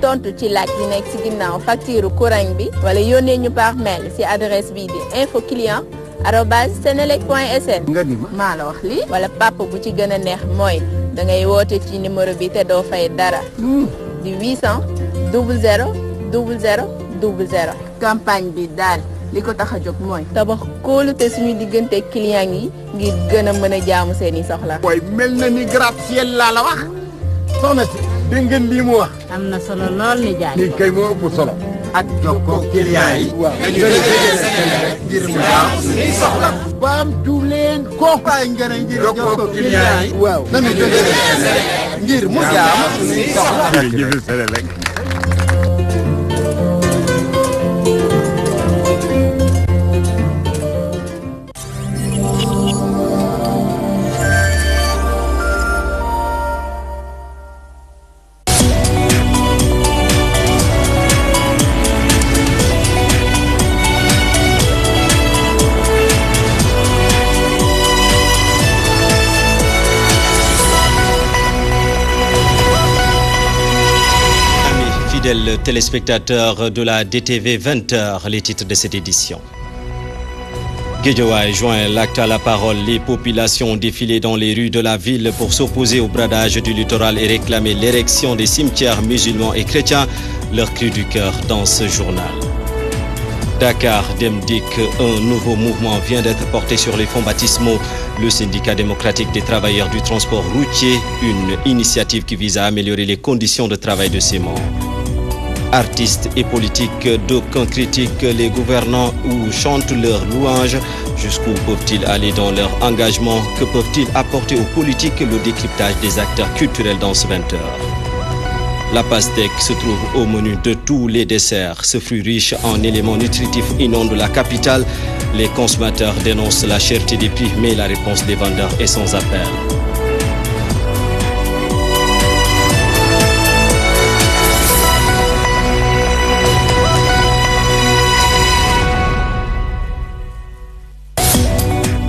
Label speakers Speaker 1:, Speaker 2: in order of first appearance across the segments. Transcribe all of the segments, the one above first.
Speaker 1: tontu ci laaj bi nekk ci ginnaaw facture courant bi wala yónnee ñu par mail ci adresse bi di info client arobase senelec point sn. nga maa la wax lii. wala pàpp bu ci gën a neex mooy da ngay woote ci numéro bi te doo fay dara. Hmm. di 800 00 00 00. campagne bi daal. li ko tax a jóg mooy. tabax kóolute suñu diggante client yi ngir gën a mën a jaamu seeni i soxla.
Speaker 2: waaye mel na ni gratte laa la wax soxna dégg ngeen mu wax. am na solo lool ni jaay. lii kay moo ëpp solo. ak jokkoo client waaw dañu
Speaker 3: ngir mu gaaw
Speaker 4: suñuy soxla. baamtu leen ko. ay njëriñ ngir jokkoo client yi. waaw dañu
Speaker 5: mu gaaw
Speaker 6: téléspectateurs de la DTV 20h, les titres de cette édition. Guédioua joint l'acte à la parole. Les populations ont défilé dans les rues de la ville pour s'opposer au bradage du littoral et réclamer l'érection des cimetières musulmans et chrétiens. Leur cri du cœur dans ce journal. Dakar Demdik, un nouveau mouvement vient d'être porté sur les fonds baptismaux. Le syndicat démocratique des travailleurs du transport routier, une initiative qui vise à améliorer les conditions de travail de ces membres. Artistes et politiques, d'aucuns critiquent les gouvernants ou chantent leurs louanges. Jusqu'où peuvent-ils aller dans leur engagement Que peuvent-ils apporter aux politiques Le décryptage des acteurs culturels dans ce 20 heures. La pastèque se trouve au menu de tous les desserts. Ce fruit riche en éléments nutritifs inonde la capitale. Les consommateurs dénoncent la cherté des prix, mais la réponse des vendeurs est sans appel.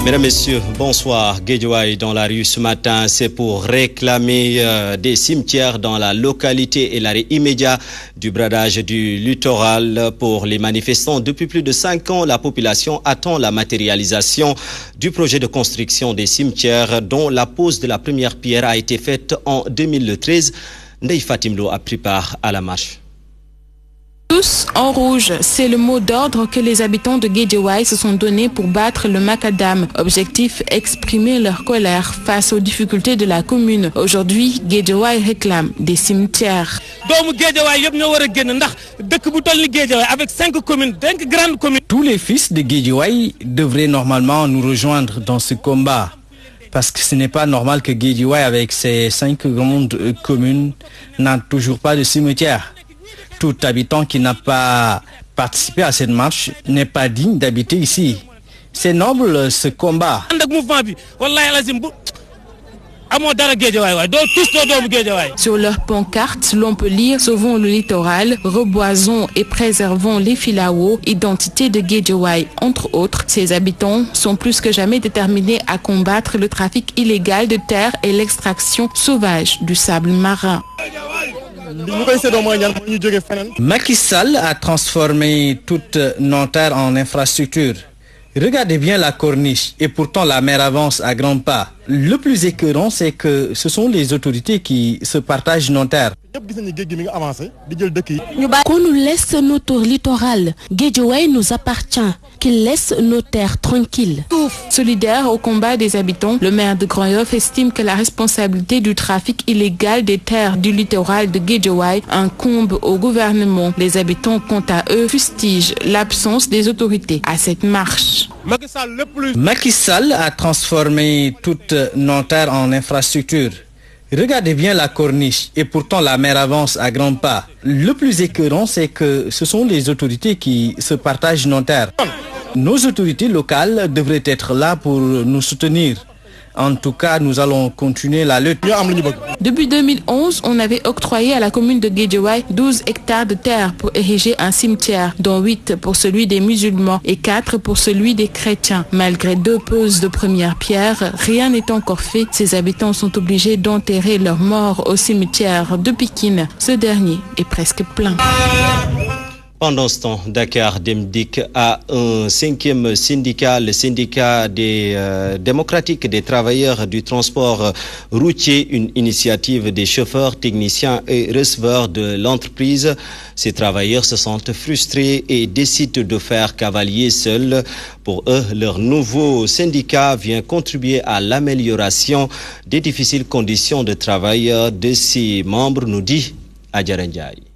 Speaker 6: Mesdames, Messieurs, bonsoir. Guédiouaï dans la rue ce matin, c'est pour réclamer euh, des cimetières dans la localité et l'arrêt immédiat du bradage du littoral pour les manifestants. Depuis plus de cinq ans, la population attend la matérialisation du projet de construction des cimetières dont la pose de la première pierre a été faite en 2013. Ney Fatimlo a pris part à la marche.
Speaker 7: Tous en rouge, c'est le mot d'ordre que les habitants de Guédiouaï se sont donnés pour battre le macadam. Objectif, exprimer leur colère face aux difficultés de la commune. Aujourd'hui, Guédiouaï réclame des cimetières.
Speaker 8: Tous les fils de
Speaker 9: Guédiouaï devraient normalement nous rejoindre dans ce combat parce que ce n'est pas normal que Guédiouaï, avec ses cinq grandes communes, n'a toujours pas de cimetière tout habitant qui n'a pas participé à cette marche n'est pas digne d'habiter ici. C'est noble ce combat.
Speaker 7: Ah, Sur leur pancarte, l'on peut lire Sauvons le littoral, reboisons et préservons les Filao, identité de Guédiouaï, entre autres. ces habitants sont plus que jamais déterminés à combattre le trafic illégal de terre et l'extraction sauvage du sable marin.
Speaker 9: Macky Sall a transformé toute Nanterre en infrastructure. Regardez bien la corniche et pourtant la mer avance à grands pas. Le plus écœurant, c'est que ce sont les autorités qui se partagent Nanterre
Speaker 1: qu'on nous laisse notre littoral Guédiawaye nous appartient qu'il laisse
Speaker 7: nos terres tranquilles. Solidaire au combat des habitants, le maire de grand estime que la responsabilité du trafic illégal des terres du littoral de Guédiawaye incombe au gouvernement. Les habitants, quant à eux, fustigent l'absence des autorités à cette marche.
Speaker 9: Macky Sall a transformé toutes nos terres en infrastructures. Regardez bien la corniche et pourtant la mer avance à grands pas. Le plus écœurant, c'est que ce sont les autorités qui se partagent nos terres. Nos autorités locales devraient être là pour nous soutenir. En tout cas, nous allons continuer la lutte.
Speaker 7: Depuis 2011, on avait octroyé à la commune de Guédiouaï 12 hectares de terre pour ériger un cimetière, dont 8 pour celui des musulmans et 4 pour celui des chrétiens. Malgré deux poses de première pierre, rien n'est encore fait. Ces habitants sont obligés d'enterrer leurs morts au cimetière de Pikine. Ce dernier est presque plein.
Speaker 6: Pendant ce temps, Dakar Demdik a un cinquième syndicat, le syndicat des euh, démocratiques des travailleurs du transport routier, une initiative des chauffeurs, techniciens et receveurs de l'entreprise. Ces travailleurs se sentent frustrés et décident de faire cavalier seul. Pour eux, leur nouveau syndicat vient contribuer à l'amélioration des difficiles conditions de travail de ses membres, nous dit Adjarendjaï.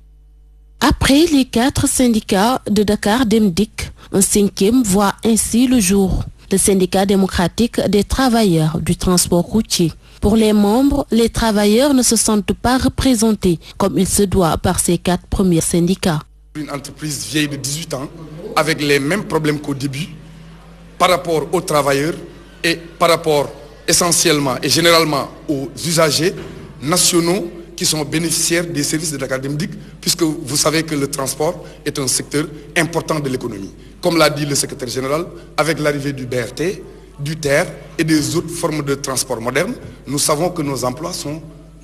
Speaker 1: Après les quatre syndicats de Dakar d'Emdik, un cinquième voit ainsi le jour, le syndicat démocratique des travailleurs du transport routier. Pour les membres, les travailleurs ne se sentent pas représentés comme il se doit par ces quatre premiers syndicats.
Speaker 2: Une entreprise vieille de 18 ans, avec les mêmes problèmes qu'au début, par rapport aux travailleurs et par rapport essentiellement et généralement aux usagers nationaux qui sont bénéficiaires des services de l'académie puisque vous savez que le transport est un secteur important de l'économie. Comme l'a dit le secrétaire général, avec l'arrivée du BRT, du TER et des autres formes de transport modernes, nous savons que nos emplois sont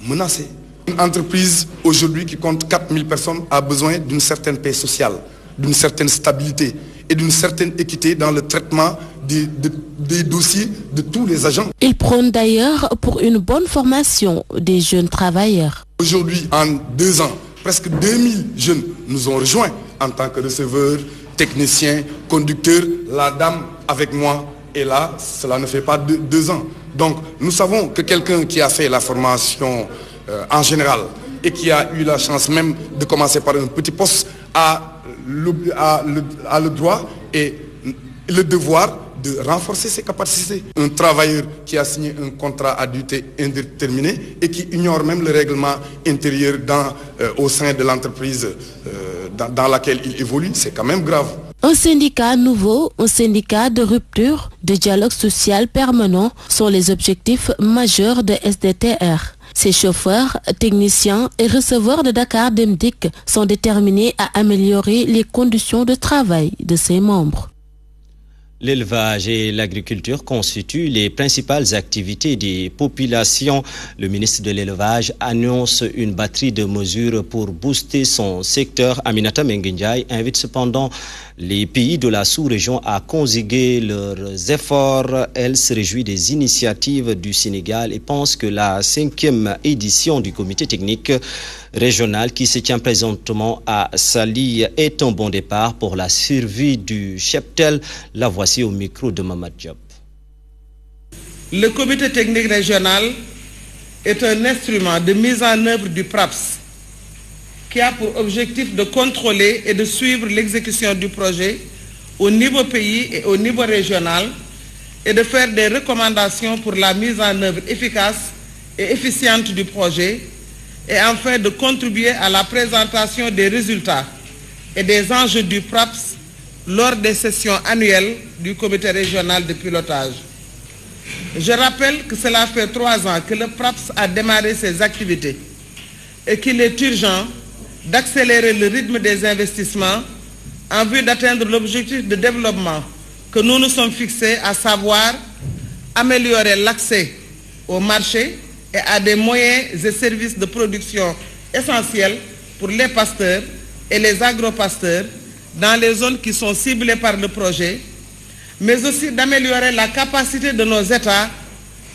Speaker 2: menacés. Une entreprise aujourd'hui qui compte 4000 personnes a besoin d'une certaine paix sociale, d'une certaine stabilité et d'une certaine équité dans le traitement des, dossiers de tous les agents. Ils prônent
Speaker 1: d'ailleurs pour une bonne formation des jeunes travailleurs.
Speaker 2: Aujourd'hui, en deux ans, presque 2000 jeunes nous ont rejoints en tant que receveurs, techniciens, conducteurs. La dame avec moi est là, cela ne fait pas deux, ans. Donc nous savons que quelqu'un qui a fait la formation euh, en général et qui a eu la chance même de commencer par un petit poste le, a le droit et le devoir de renforcer ses capacités. Un travailleur qui a signé un contrat à durée indéterminée et qui ignore même le règlement intérieur euh, au sein de l'entreprise euh, dans, laquelle il évolue, c'est quand même grave.
Speaker 1: Un syndicat nouveau, un syndicat de rupture, de dialogue social permanent sont les objectifs majeurs de SDTR. Ces chauffeurs, techniciens et receveurs de Dakar d'EMDIC sont déterminés à améliorer les conditions de travail de ses membres.
Speaker 6: L'élevage et l'agriculture constituent les principales activités des populations. Le ministre de l'Élevage annonce une batterie de mesures pour booster son secteur. Aminata Mengenjai invite cependant les pays de la sous-région a consigué leurs efforts. Elle se réjouit des initiatives du Sénégal et pense que la cinquième édition du comité technique régional qui se tient présentement à Sali est un bon départ pour la survie du cheptel. La voici au micro de
Speaker 10: Mamad Diop. Le comité technique régional est un instrument de mise en œuvre du PRAPS qui a pour objectif de contrôler et de suivre l'exécution du projet au niveau pays et au niveau régional et de faire des recommandations pour la mise en œuvre efficace et efficiente du projet et enfin de contribuer à la présentation des résultats et des enjeux du PRAPS lors des sessions annuelles du comité régional de pilotage. Je rappelle que cela fait trois ans que le PRAPS a démarré ses activités et qu'il est urgent d'accélérer le rythme des investissements en vue d'atteindre l'objectif de développement que nous nous sommes fixés, à savoir améliorer l'accès au marché et à des moyens et services de production essentiels pour les pasteurs et les agropasteurs dans les zones qui sont ciblées par le projet, mais aussi d'améliorer la capacité de nos États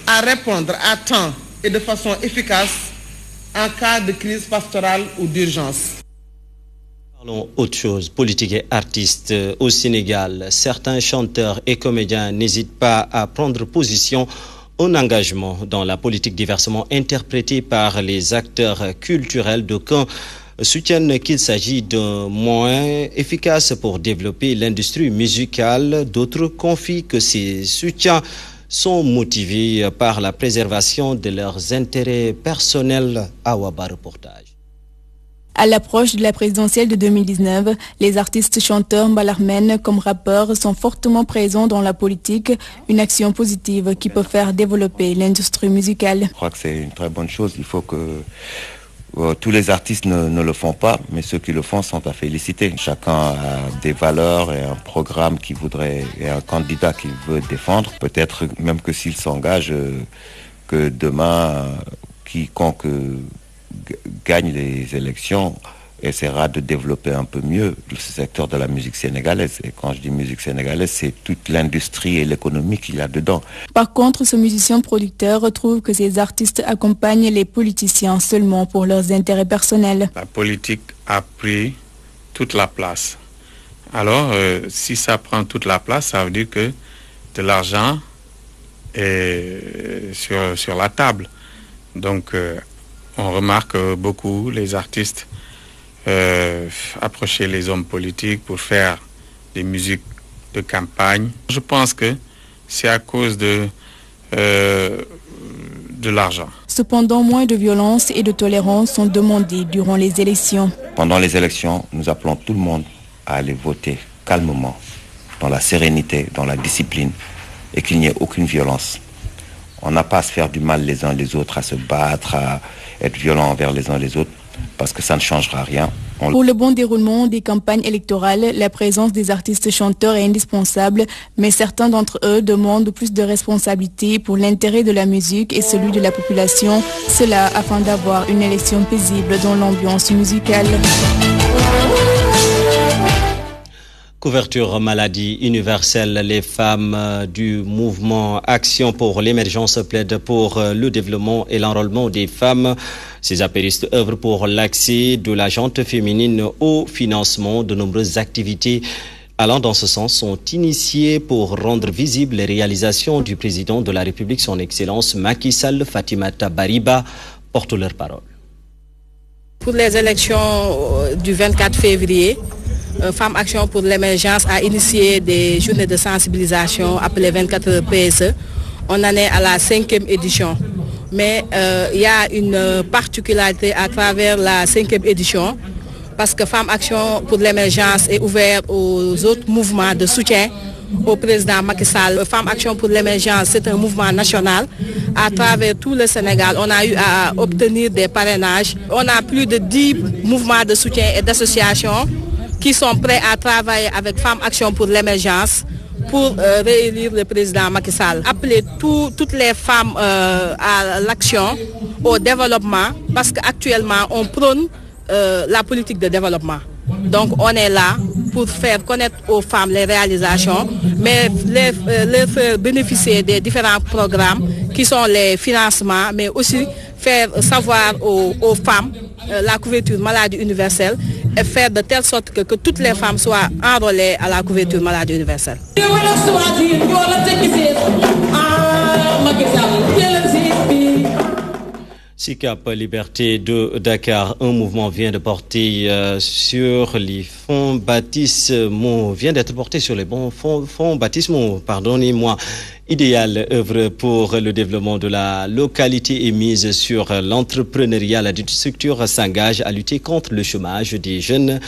Speaker 10: à répondre à temps et de façon efficace en cas de crise pastorale ou d'urgence.
Speaker 6: Parlons autre chose, politique et artistes euh, au Sénégal. Certains chanteurs et comédiens n'hésitent pas à prendre position en engagement dans la politique diversement interprétée par les acteurs culturels de camp soutiennent qu'il s'agit d'un moyen efficace pour développer l'industrie musicale. D'autres confient que ces soutiens sont motivés par la préservation de leurs intérêts personnels à Waba Reportage.
Speaker 11: À l'approche de la présidentielle de 2019, les artistes chanteurs malarmènes comme rappeurs sont fortement présents dans la politique, une action positive qui peut faire développer l'industrie musicale. Je crois
Speaker 3: que c'est une très bonne chose. Il faut que euh, tous les artistes ne, le font pas, mais ceux qui le font sont à féliciter. Chacun a des valeurs et un programme qu'il voudrait, et un candidat qu'il veut défendre. Peut-être même que s'il s'engage, euh, que demain, euh, quiconque gagne les élections essaiera de développer un peu mieux ce secteur de la musique sénégalaise. Et quand je dis musique sénégalaise, c'est toute l'industrie et l'économie qu'il y a dedans.
Speaker 11: Par contre, ce musicien producteur retrouve que ces artistes accompagnent les politiciens seulement pour leurs intérêts personnels. La
Speaker 3: politique a
Speaker 8: pris toute la place. Alors, euh, si ça prend toute la place, ça veut dire que de l'argent est euh, sur, la table. Donc, euh, on remarque beaucoup les artistes euh, approcher les hommes politiques pour faire des musiques de campagne. Je pense que c'est à cause de, euh, de l'argent.
Speaker 11: Cependant, moins de violence et de tolérance sont demandées durant les élections.
Speaker 3: Pendant les élections, nous appelons tout le monde à aller voter calmement, dans la sérénité, dans la discipline, et qu'il n'y ait aucune violence. On n'a pas à se faire du mal les uns les autres, à se battre, à être violent envers les uns les autres parce que ça ne changera rien. Pour
Speaker 11: le bon déroulement des campagnes électorales, la présence des artistes chanteurs est indispensable, mais certains d'entre eux demandent plus de responsabilité pour l'intérêt de la musique et celui de la population, cela afin d'avoir une élection paisible dans l'ambiance musicale.
Speaker 6: Couverture maladie universelle, les femmes euh, du mouvement Action pour l'émergence plaident pour euh, le développement et l'enrôlement des femmes. Ces apéristes œuvrent pour l'accès de la gente féminine au financement. De nombreuses activités allant dans ce sens sont initiées pour rendre visibles les réalisations du président de la République, son Excellence Macky Fatimata Bariba, porte leur parole.
Speaker 12: Pour les élections euh, du 24 février, Femme Action pour l'émergence a initié des journées de sensibilisation appelées 24 PS. PSE. On en est à la cinquième édition. Mais euh, il y a une particularité à travers la cinquième édition parce que Femme Action pour l'émergence est ouverte aux autres mouvements de soutien au président Macky Sall. Femmes Action pour l'émergence, c'est un mouvement national. À travers tout le Sénégal, on a eu à obtenir des parrainages. On a plus de 10 mouvements de soutien et d'associations qui sont prêts à travailler avec Femmes Action pour l'émergence pour euh, réélire le président Macky Sall. Appeler toutes les femmes euh, à l'action, au développement, parce qu'actuellement, on prône euh, la politique de développement. Donc, on est là pour faire connaître aux femmes les réalisations, mais les, faire bénéficier des différents programmes qui sont les financements, mais aussi faire savoir aux femmes la couverture maladie universelle et faire de telle sorte que, toutes les femmes soient enrôlées à la couverture maladie universelle.
Speaker 6: SICAP Liberté de Dakar, un mouvement vient de porter euh, sur les fonds baptismaux, vient d'être porté sur les bons fonds, fonds pardonnez-moi. Idéal œuvre pour le développement de la localité et mise sur l'entrepreneuriat. La structure s'engage à lutter contre le chômage des jeunes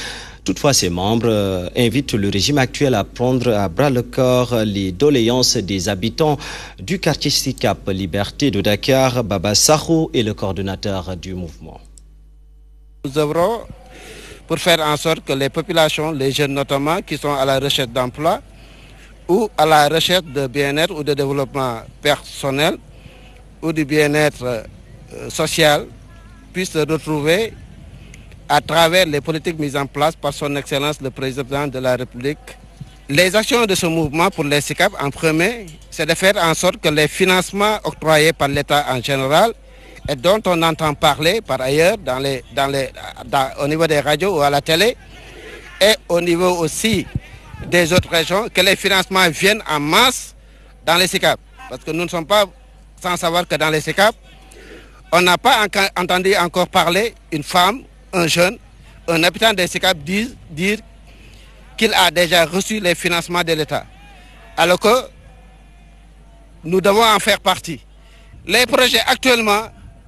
Speaker 6: Toutefois, ces membres euh, invitent le régime actuel à prendre à bras le corps les doléances des habitants du quartier SICAP Liberté de Dakar. Baba Sahou est le coordonnateur du mouvement.
Speaker 4: Nous œuvrons pour faire en sorte que les populations, les jeunes notamment, qui sont à la recherche d'emploi ou à la recherche de bien-être ou de développement personnel ou du bien-être euh, social, puissent retrouver à travers les politiques mises en place par son Excellence le Président de la République. Les actions de ce mouvement pour les SICAP, en premier, c'est de faire en sorte que les financements octroyés par l'État en général et dont on entend parler par ailleurs au niveau des radios ou à la télé, et au niveau aussi des autres régions, que les financements viennent en masse dans les SICAP. Parce que nous ne sommes pas sans savoir que dans les SICAP, on n'a pas entendu encore parler une femme un jeune, un habitant des SICAP dire, qu'il a déjà reçu les financements de l'État, alors que nous devons en faire partie. Les projets actuellement,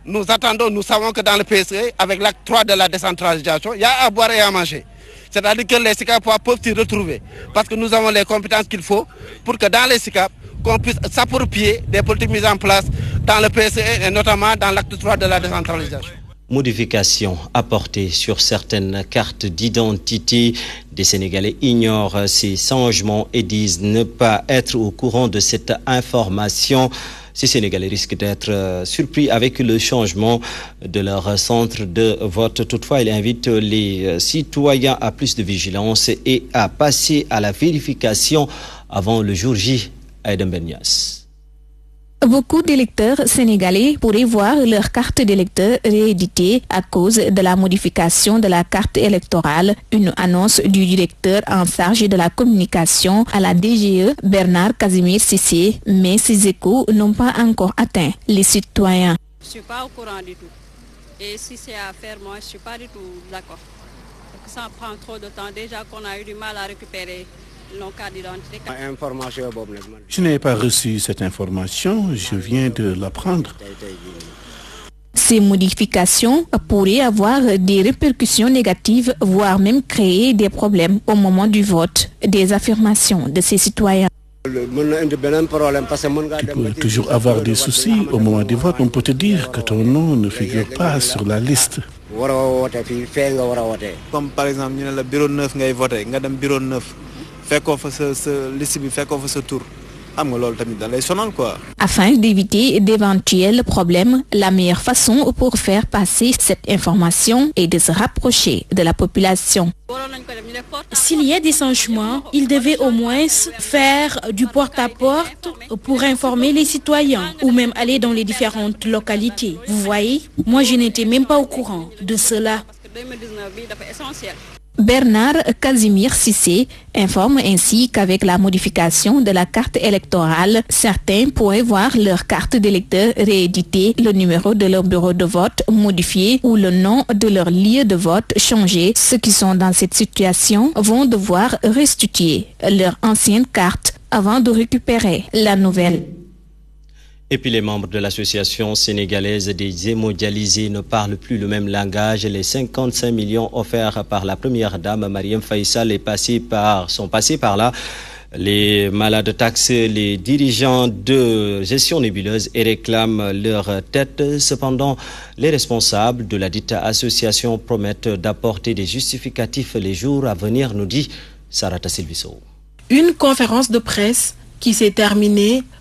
Speaker 4: nous attendons, nous savons que dans le PSE, avec l'acte 3 de la décentralisation, il y a à boire et à manger. C'est-à-dire que les SICAP peuvent s'y retrouver, parce que nous avons les compétences qu'il faut pour que dans les SICAP, qu'on puisse s'approprier des politiques mises en place dans le PSE et notamment dans l'acte 3 de la décentralisation
Speaker 6: modifications apportées sur certaines cartes d'identité. Des Sénégalais ignorent ces changements et disent ne pas être au courant de cette information. Ces Sénégalais risquent d'être euh, surpris avec le changement de leur centre de vote. Toutefois, il invite les euh, citoyens à plus de vigilance et à passer à la vérification avant le jour J à Eden
Speaker 1: Beaucoup d'électeurs sénégalais pourraient voir leur carte d'électeur rééditée à cause de la modification de la carte électorale, une annonce du directeur en charge de la communication à la DGE, Bernard Casimir Sissé, mais ses échos n'ont pas encore atteint les citoyens. Je
Speaker 12: ne suis pas au courant du tout. Et si c'est à faire, moi, je ne suis pas du tout d'accord. Ça prend trop de temps déjà qu'on a eu du mal à récupérer ah,
Speaker 5: je n'ai pas reçu cette information, je viens de l'apprendre.
Speaker 1: Ces modifications pourraient avoir des répercussions négatives, voire même créer des problèmes au moment du vote des affirmations de ces citoyens.
Speaker 4: Tu peux
Speaker 5: toujours avoir des soucis au moment du vote. On peut te dire que ton nom ne figure pas sur la liste.
Speaker 4: Comme par exemple,
Speaker 3: le bureau 9, bureau 9.
Speaker 1: Afin d'éviter d'éventuels problèmes, la meilleure façon pour faire passer cette information est de se rapprocher de la population. S'il y a des changements, il devait au moins faire du porte à -porte pour informer les citoyens ou même aller dans les différentes localités. Vous voyez, moi je n'étais même pas au courant de cela. Bernard Casimir Cissé informe ainsi qu'avec la modification de la carte électorale, certains pourraient voir leur carte d'électeur rééditée, le numéro de leur bureau de vote modifié ou le nom de leur lieu de vote changé. Ceux qui sont dans cette situation vont devoir restituer leur ancienne carte avant de récupérer la nouvelle.
Speaker 6: Et puis les membres de l'association sénégalaise des hémodialysés ne parlent plus le même langage. Les 55 millions offerts par la première dame, Mariam Faisal, est passé par, sont passés par là les malades taxent les dirigeants de gestion nébuleuse et réclament leur tête. Cependant, les responsables de la dite association promettent d'apporter des justificatifs les jours à venir, nous dit Sarata Silviso.
Speaker 13: Une conférence de presse qui s'est terminée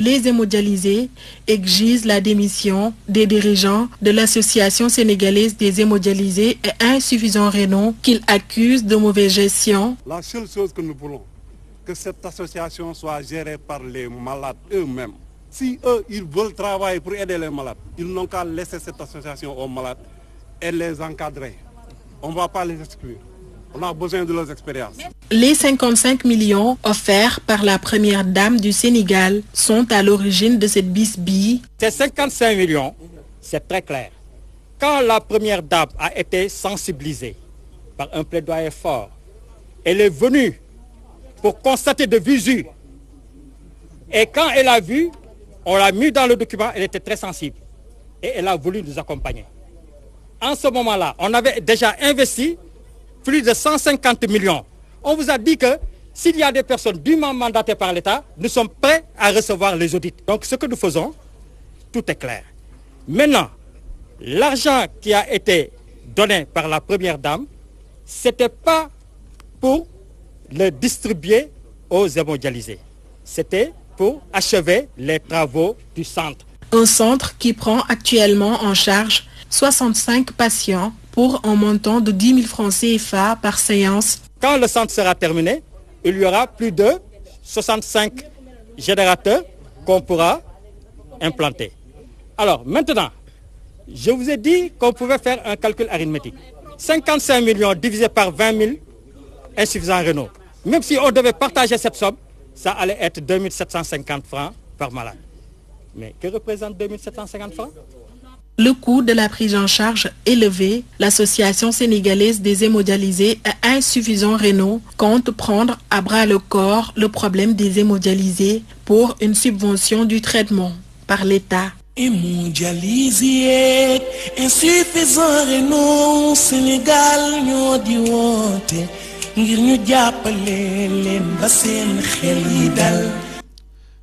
Speaker 13: Les hémodialysés exigent la démission des dirigeants de l'Association sénégalaise des hémodialysés et insuffisant renom qu'ils accusent de mauvaise gestion.
Speaker 5: La seule chose que nous voulons, que cette association soit gérée par les malades eux-mêmes. Si eux, ils veulent travailler pour aider les malades, ils n'ont qu'à laisser cette association aux malades et les encadrer. On ne va pas les exclure. On a besoin de leurs expériences.
Speaker 13: Les 55 millions offerts par la première dame du Sénégal sont à l'origine de cette bisbille.
Speaker 8: Ces 55 millions, c'est très clair. Quand la première dame a été sensibilisée par un plaidoyer fort, elle est venue pour constater de visu. Et quand elle a vu, on l'a mis dans le document, elle était très sensible. Et elle a voulu nous accompagner. En ce moment-là, on avait déjà investi plus de 150 millions. On vous a dit que s'il y a des personnes dûment mandatées par l'État, nous sommes prêts à recevoir les audits. Donc ce que nous faisons, tout est clair. Maintenant, l'argent qui a été donné par la Première Dame, ce n'était pas pour le distribuer aux émondialisés. C'était pour achever les travaux
Speaker 13: du centre. Un centre qui prend actuellement en charge 65 patients pour un montant de 10 000 francs CFA par séance.
Speaker 8: Quand le centre sera terminé, il y aura plus de 65 générateurs qu'on pourra implanter. Alors maintenant, je vous ai dit qu'on pouvait faire un calcul arithmétique. 55 millions divisé par 20 000 insuffisant Renault. Même si on devait partager cette somme, ça allait être 2750 francs par malade. Mais que représente 2750 francs
Speaker 13: le coût de la prise en charge élevé, l'Association sénégalaise des hémodialysés et insuffisants rénaux compte prendre à bras le corps le problème des hémodialysés pour une subvention du traitement par l'État.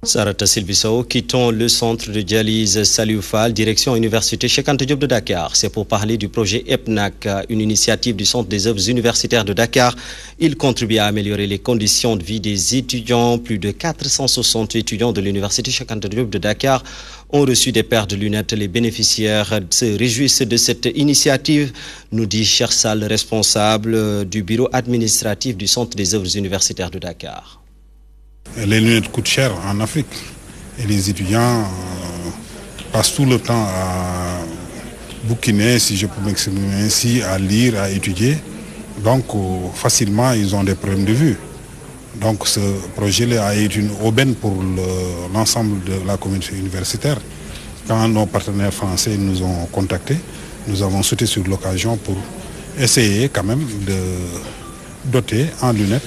Speaker 6: Sarata Silvisao, quittons le centre de dialyse Salioufal, direction Université Cheikh Diop de Dakar. C'est pour parler du projet EPNAC, une initiative du Centre des œuvres universitaires de Dakar. Il contribue à améliorer les conditions de vie des étudiants. Plus de 460 étudiants de l'Université Cheikh Diop de Dakar ont reçu des paires de lunettes. Les bénéficiaires se réjouissent de cette initiative, nous dit Chersal, responsable du bureau administratif du Centre des œuvres universitaires
Speaker 5: de Dakar. Les lunettes coûtent cher en Afrique et les étudiants euh, passent tout le temps à bouquiner, si je peux m'exprimer ainsi, à lire, à étudier. Donc euh, facilement, ils ont des problèmes de vue. Donc ce projet-là a été une aubaine pour l'ensemble de la communauté universitaire. Quand nos partenaires français nous ont contactés, nous avons sauté sur l'occasion pour essayer quand même de doter en lunettes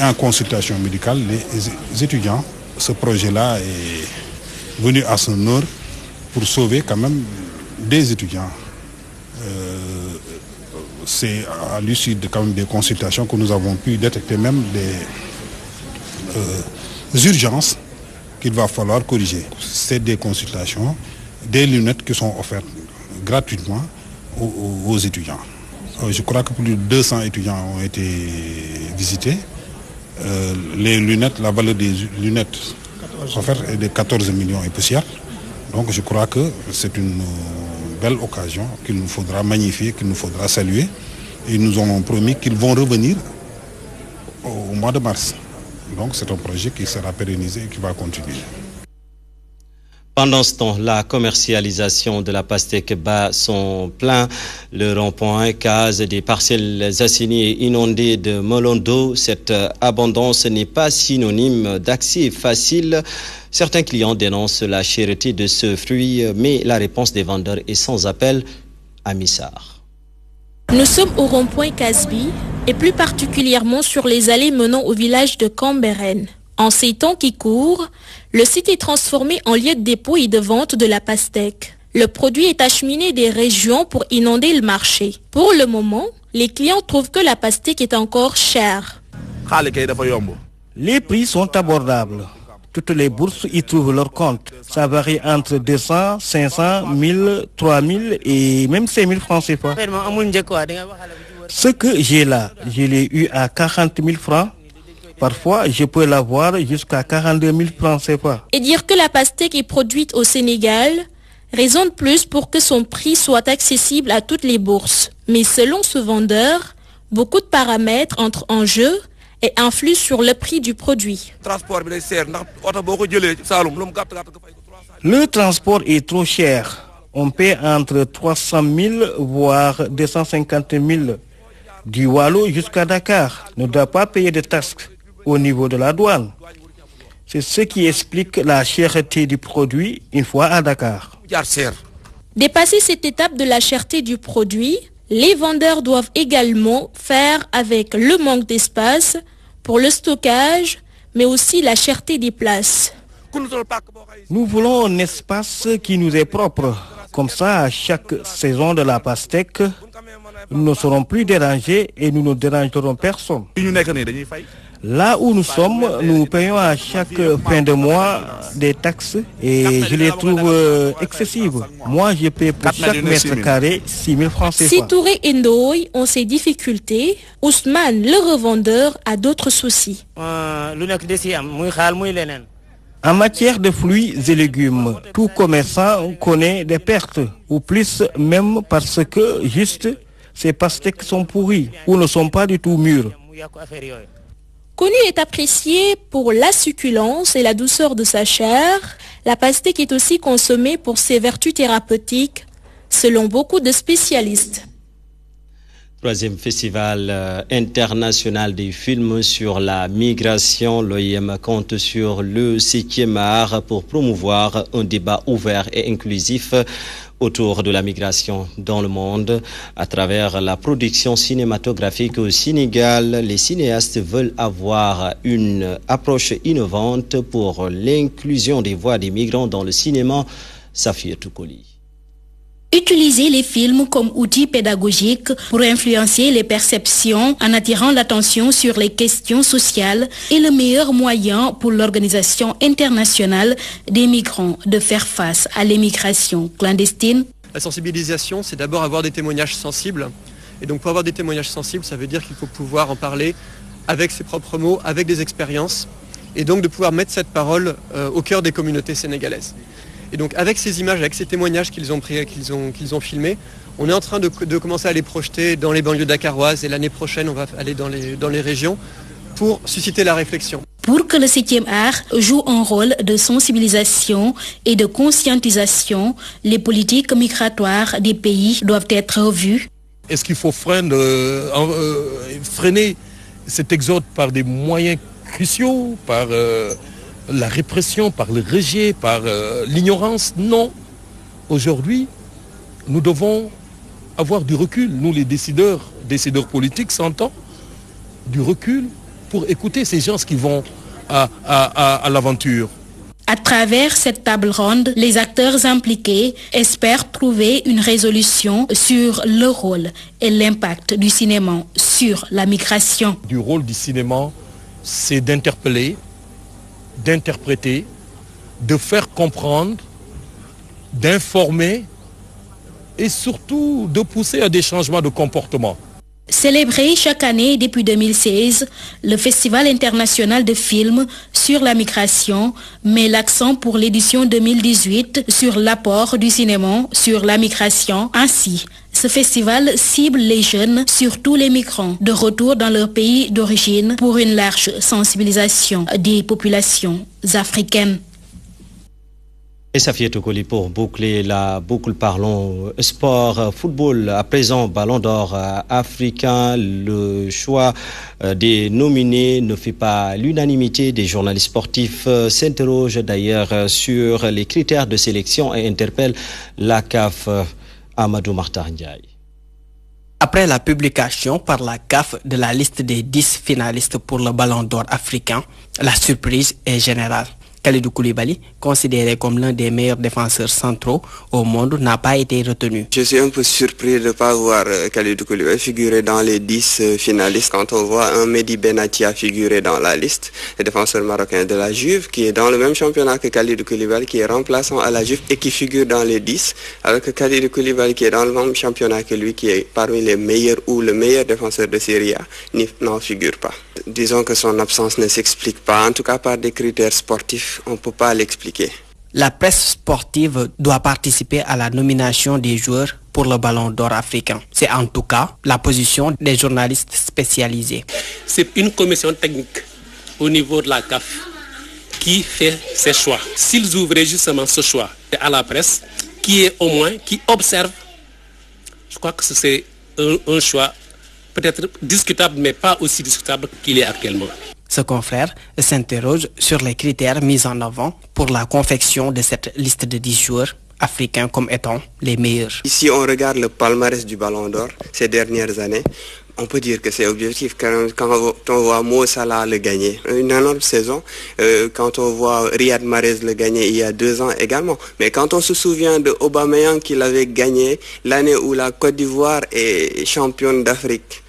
Speaker 5: en consultation médicale, les étudiants, ce projet-là est venu à son heure pour sauver quand même des étudiants. Euh, c'est à l'issue de quand des consultations que nous avons pu détecter même des euh, urgences qu'il va falloir corriger. C'est des consultations, des lunettes qui sont offertes gratuitement aux, étudiants. Euh, je crois que plus de 200 étudiants ont été visités. Euh, les lunettes, la valeur des lunettes offertes est de 14 millions et poussières. Donc je crois que c'est une euh, belle occasion qu'il nous faudra magnifier, qu'il nous faudra saluer. Ils nous ont promis qu'ils vont revenir au mois de mars. Donc c'est un projet qui sera pérennisé et qui va continuer.
Speaker 6: Pendant ce temps, la commercialisation de la pastèque bat son plein. Le rond-point case des parcelles assignées inondées de melons d'eau. Cette abondance n'est pas synonyme d'accès facile. Certains clients dénoncent la chérité de ce fruit, mais la réponse des vendeurs est sans appel à Missard.
Speaker 1: Nous sommes au rond-point Casby et plus particulièrement sur les allées menant au village de Camberen. En ces temps qui courent, le site est transformé en lieu de dépôt et de vente de la pastèque. Le produit est acheminé des régions pour inonder le marché. Pour le moment, les clients trouvent que la pastèque est encore chère.
Speaker 3: Les prix sont abordables. Toutes les bourses y trouvent leur compte. Ça varie entre 200, 500, 1000, 3000 et même 5000 francs CFA. Ce que j'ai là, je l'ai eu à 40 000 francs Parfois, je peux l'avoir jusqu'à 42 000 francs CFA.
Speaker 1: Et dire que la pastèque est produite au Sénégal, raison plus pour que son prix soit accessible à toutes les bourses. Mais selon ce vendeur, beaucoup de paramètres entrent en jeu et influent
Speaker 4: sur le prix du produit.
Speaker 3: Le transport est trop cher. On paie entre 300 000 voire 250 000 du Wallo jusqu'à Dakar. On ne doit pas payer de taxes au niveau de la douane. C'est ce qui explique la cherté du produit une fois à Dakar.
Speaker 1: Dépasser cette étape de la cherté du produit, les vendeurs doivent également faire avec le manque d'espace pour le stockage, mais aussi la cherté des places.
Speaker 3: Nous voulons un espace qui nous est propre. Comme ça, à chaque saison de la pastèque, nous ne serons plus dérangés et nous ne dérangerons personne. Là où nous sommes, nous payons à chaque fin de mois des taxes et je les trouve euh, excessives. Moi, je paye pour chaque mètre carré 6 000 francs Si
Speaker 1: Touré et Ndoye ont ces difficultés, Ousmane, le revendeur, a d'autres soucis.
Speaker 3: Euh, en matière de fruits et légumes, tout commerçant connaît des pertes, ou plus même parce que juste ces pastèques sont pourries ou ne sont pas du tout mûres. Connu
Speaker 1: est apprécié pour la succulence et la douceur de sa chair. La pastèque est aussi consommée pour ses vertus thérapeutiques, selon beaucoup de spécialistes.
Speaker 6: Troisième festival euh, international des films sur la migration, l'OIM compte sur le 7e art pour promouvoir un débat ouvert et inclusif autour de la migration dans le monde. À travers la production cinématographique au Sénégal, les cinéastes veulent avoir une approche innovante pour l'inclusion des voix des migrants dans le cinéma. Safir Toukoli.
Speaker 1: Utiliser les films comme outil pédagogique pour influencer les perceptions en attirant l'attention sur les questions sociales est le meilleur moyen pour l'Organisation internationale des migrants de faire face à l'émigration clandestine.
Speaker 8: La sensibilisation, c'est d'abord avoir des témoignages sensibles. Et donc pour avoir des témoignages sensibles, ça veut dire qu'il faut pouvoir en parler avec ses propres mots, avec des expériences, et donc de pouvoir mettre cette parole euh, au cœur des communautés sénégalaises. Et donc avec ces images, avec ces témoignages qu'ils ont, pris, qu'ils ont, qu'ils ont filmés, on est en train de, commencer à les projeter dans les banlieues dakaroises et l'année prochaine, on va aller dans les, dans les régions pour susciter la réflexion.
Speaker 1: Pour que le 7e art joue un rôle de sensibilisation et de conscientisation, les politiques migratoires des pays doivent être revues.
Speaker 2: Est-ce qu'il faut euh, euh, freiner, cet exode par des moyens cruciaux, par euh, la répression, par le rejet, par euh, l'ignorance. Non. Aujourd'hui, nous devons avoir du recul, nous les décideurs, décideurs politiques s'entend, du recul pour écouter ces gens qui vont à, à, à l'aventure.
Speaker 1: À travers cette table ronde, les acteurs impliqués espèrent trouver une résolution sur le rôle et l'impact du cinéma sur la migration.
Speaker 2: Du rôle du cinéma, c'est d'interpeller, d'interpréter, de faire comprendre, d'informer et surtout de pousser à des changements de comportement.
Speaker 1: Célébré chaque année depuis 2016, le Festival international de films sur la migration met l'accent pour l'édition 2018 sur l'apport du cinéma sur la migration. Ainsi, ce festival cible les jeunes, surtout les migrants, de retour dans leur pays d'origine pour une large sensibilisation des populations africaines.
Speaker 6: Et Safieto Tokoli pour boucler la boucle, parlons euh, sport, euh, football, à présent ballon d'or euh, africain. Le choix des nominés ne fait pas l'unanimité des journalistes sportifs, s'interroge d'ailleurs sur les critères de sélection et interpelle la CAF Amadou Martin
Speaker 13: Après la publication par la CAF de la liste des 10 finalistes pour le ballon d'or africain, la surprise est générale. Khalidou Koulibaly, considéré comme l'un des meilleurs défenseurs centraux au monde, n'a pas été retenu.
Speaker 4: Je suis un peu surpris de ne pas voir euh, Khalidou Koulibaly figurer dans les 10 euh, finalistes. Quand on voit un Mehdi Benatia figurer dans la liste, le défenseur marocain de la Juve, qui est dans le même championnat que Khalidou Koulibaly, qui est remplaçant à la Juve et qui figure dans les 10, alors que Khalidou Koulibaly qui est dans le même championnat que lui, qui est parmi les meilleurs ou le meilleur défenseur de Syria, n'en figure pas disons que son absence ne s'explique pas. En tout cas, par des critères sportifs, on ne peut pas l'expliquer.
Speaker 13: La presse sportive doit participer à la nomination des joueurs pour le ballon d'or africain. C'est en tout cas la position des journalistes spécialisés.
Speaker 4: C'est une commission technique au niveau de la CAF qui fait ses choix. S'ils ouvraient justement ce choix à la presse, qui est au moins, qui observe, je crois que c'est un, un choix peut-être discutable, mais pas aussi discutable qu'il est actuellement. Ce
Speaker 13: confrère s'interroge sur les critères mis en avant pour la confection de cette liste de 10 joueurs africains comme étant les meilleurs.
Speaker 4: Si on regarde le palmarès du Ballon d'Or ces dernières années, on peut dire que c'est objectif quand, on voit Mo Salah le gagner. Une énorme saison, euh, quand on voit Riyad Mahrez le gagner il y a deux ans également. Mais quand on se souvient de Aubameyang qui l'avait gagné l'année où la Côte d'Ivoire est championne d'Afrique,